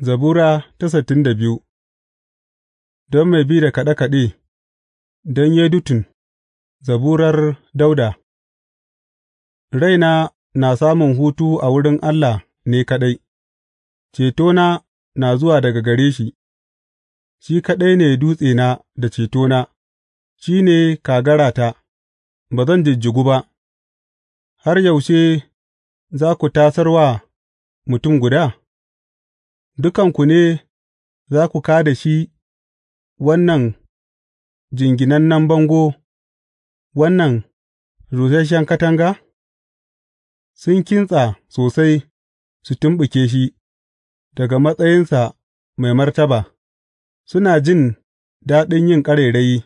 Zabura ta sittin da biyu Don mai bi da kaɗe-kaɗe, don dutun, zaburar Dauda Raina na samun hutu a wurin Allah ne kaɗai; cetona na zuwa daga gare shi, shi kaɗai ne dutsena da cetona, shi ne kagarata, ba zan jijjigu ba, har yaushe za ku tasar wa mutum guda? dukanku ne za ku kā da shi wannan jinginannen bango, wannan rusasshen katanga? Sun kintsa sosai su tumɓuke shi daga matsayinsa mai martaba, suna jin daɗin yin ƙarairayi,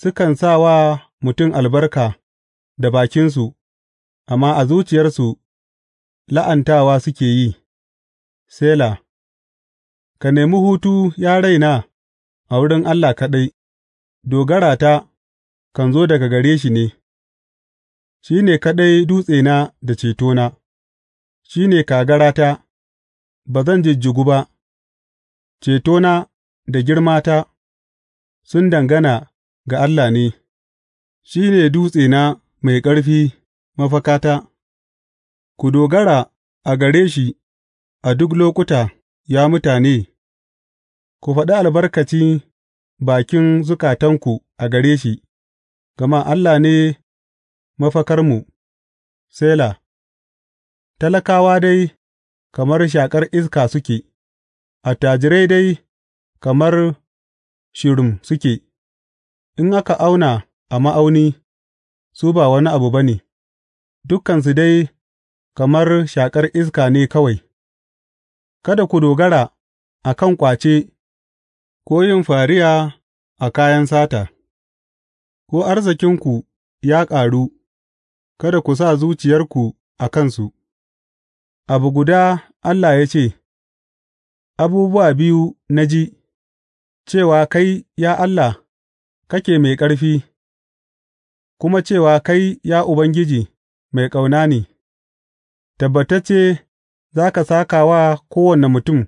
sukan sa wa mutum albarka da bakinsu, amma a zuciyarsu la'antawa suke yi. Sela Ka nemi hutu, ya raina, a wurin Allah kaɗai; dogarata kan zo daga gare shi ne, shi ne kaɗai dutsena da cetona, shi ne kagarata, ba zan jijjigu ba; cetona da girmata sun dangana ga Allah ne, shi ne dutsena mai ƙarfi, mafakata; ku dogara a gare shi. A duk lokuta, ya mutane, ku faɗi albarkaci bakin zukatanku a gare shi, gama Allah ne mafakarmu, Sela Talakawa dai kamar shaƙar iska suke, attajirai dai kamar shirun suke; in aka auna a ma'auni, su ba wani abu ba ne, dukansu dai kamar shaƙar iska ne kawai. Kada ku dogara a kan ƙwace ko yin fariya a kayan sata, ko arzikinku ya ƙaru, kada ku sa zuciyarku a kansu; abu guda Allah ya ce, Abubuwa biyu na ji, cewa kai, ya Allah, kake mai ƙarfi, kuma cewa kai, ya Ubangiji, mai ƙauna ne, tabbatacce za ka sāka wa kowane mutum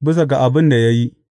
bisa ga abin da ya yi.